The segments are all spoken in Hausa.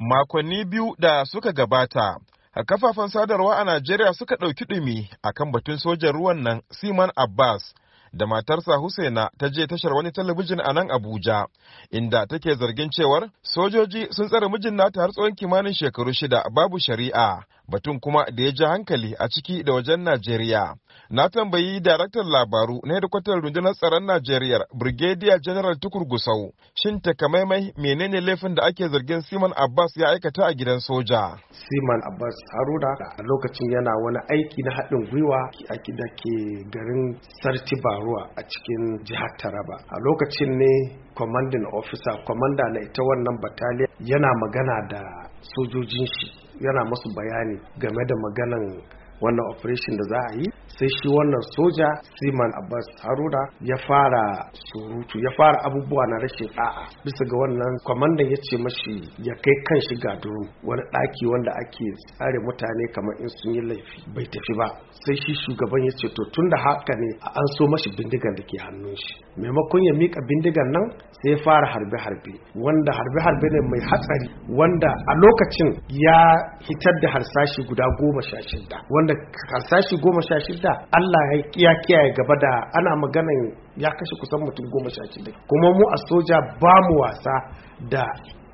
makonni biyu da suka gabata a kafafen sadarwa a najeriya suka ɗauki ɗumi a kan batun sojan ruwan nan siman abbas da matarsa Husaina ta je tashar wani talabijin a nan Abuja, inda take zargin cewar sojoji sun tsare mijin nata har tsawon kimanin shekaru shida babu shari'a, batun kuma da ya ji hankali a ciki da wajen Najeriya. Na tambayi daraktan labaru na hedikwatar rundunar tsaron Najeriya Brigadier General Tukur Gusau, shin takamaimai menene laifin da ake zargin Siman Abbas ya aikata a gidan soja? Siman Abbas Haruna a lokacin yana wani aiki na haɗin gwiwa a da ke garin Sarti Baruwa a cikin jihar Taraba. A lokacin ne commanding officer, kwamanda na ita wannan bataliya yana magana da sojojin shi yana masu bayani game da maganan wannan operation da za a yi sai shi wannan soja siman abbas haruna ya fara surutu ya fara abubuwa na rashin a'a. bisa ga wannan kwamandan ya ce mashi ya kai kan shi don wani ɗaki wanda ake tsare mutane kamar in sun yi laifi bai tafi ba sai shi shugaban ya ce to tun da haka ne a an so mashi bindigan da ke hannun shi maimakon ya mika bindigan nan sai ya fara harbe-harbe wanda harbe-harbe ne mai hatsari wanda a lokacin ya hitar da harsashi guda goma sha shida wanda harsashi goma sha shida Allah ya kiyaye gaba da ana maganan ya kashe kusan mutum goma sha shida kuma mu a soja ba mu wasa da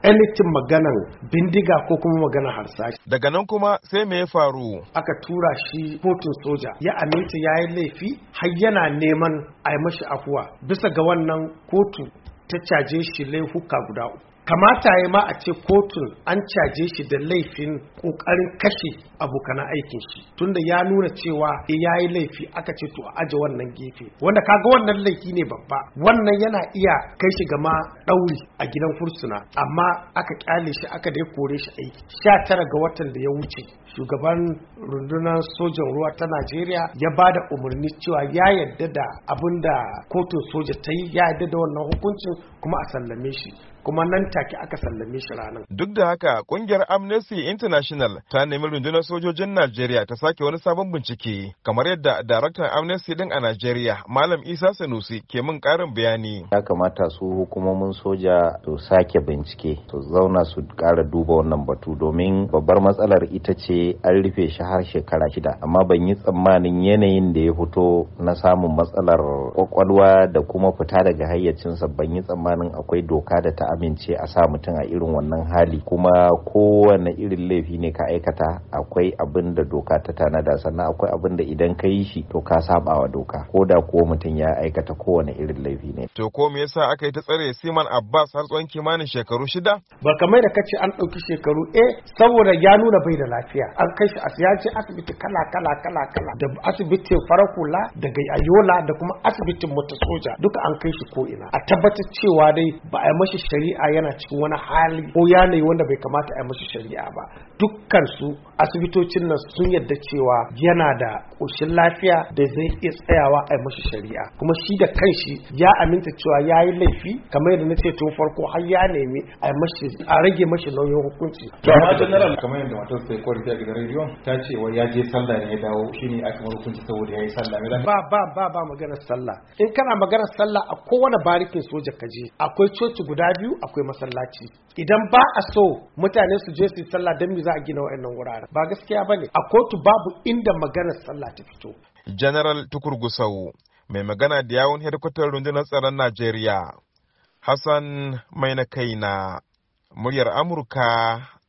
anything maganan bindiga ko kuma maganan harsashi. Daga nan kuma sai me ya faru? Aka tura shi kotun soja ya aminta ya yi laifi har yana neman a yi mashi afuwa bisa ga wannan kotu ta caje shi laifuka guda uku. kamata ya ma a ce kotun an caje shi da laifin kokarin kashe abokan aikin shi tunda ya nuna cewa eh, ya yi laifi aka ce to aje wannan gefe wanda kaga wannan laifi ne babba wannan yana iya kai shi gama ɗauri a gidan fursuna amma aka kyale shi aka dai kore shi aiki sha tara ga watan da ya wuce shugaban rundunar sojan ruwa ta najeriya ya ba da umarni cewa ya yadda da abin da kotun soja ta yi ya yadda da wannan hukuncin kuma a sallame shi kuma nan take aka sallame shi ranar. Duk da haka kungiyar Amnesty International ta nemi rundunar sojojin Najeriya ta sake wani sabon bincike kamar yadda daraktan Amnesty din a Najeriya Malam Isa Sanusi ke min karin bayani. Ya kamata su hukumomin soja su sake bincike su zauna su kara duba wannan batu domin babbar matsalar ita ce an rufe shi har shekara shida amma ban yi tsammanin yanayin da ya fito na samun matsalar kwakwalwa da kuma fita daga hayyacinsa ban yi tsammanin akwai doka da ta amince a sa mutum a irin wannan hali kuma kowane irin laifi ne ka aikata akwai abin da doka ta tanada sannan akwai abin da idan ka yi shi to ka saba wa doka ko da ko mutum ya aikata kowane irin laifi ne. To ko me yasa aka yi ta tsare Siman Abbas har tsawon kimanin shekaru shida? Ba kamar da kace an ɗauki shekaru eh saboda ya nuna bai da lafiya an kai shi ya je asibiti kala kala kala kala da asibitin farar hula daga ayola da kuma asibitin mota soja duka an kai shi ko ina a tabbatar cewa dai ba a yi mashi shari'a yana cikin wani hali ko yanayi wanda bai kamata a yi mashi shari'a ba dukkan su asibitocin nan sun yadda cewa yana da ƙoshin lafiya da zai iya tsayawa a yi mashi shari'a kuma shi da kanshi ya aminta cewa ya yi laifi kamar yadda na ce tun farko har ya nemi a rage mashi nauyin hukunci. kamar yadda matar daga radio ta ce wa ya je sallah ne ya dawo shine aka mara hukunci saboda ya yi sallah ba ba ba ba maganar sallah in kana maganar sallah a kowane barikin soja ka je akwai coci guda biyu akwai masallaci idan ba a so mutane su je su yi sallah don me za a gina wayannan wuraren ba gaskiya ba ne. a kotu babu inda maganar sallah ta fito general tukur gusau mai magana da yawon hedikwatar rundunar tsaron najeriya hassan mai na kaina muryar amurka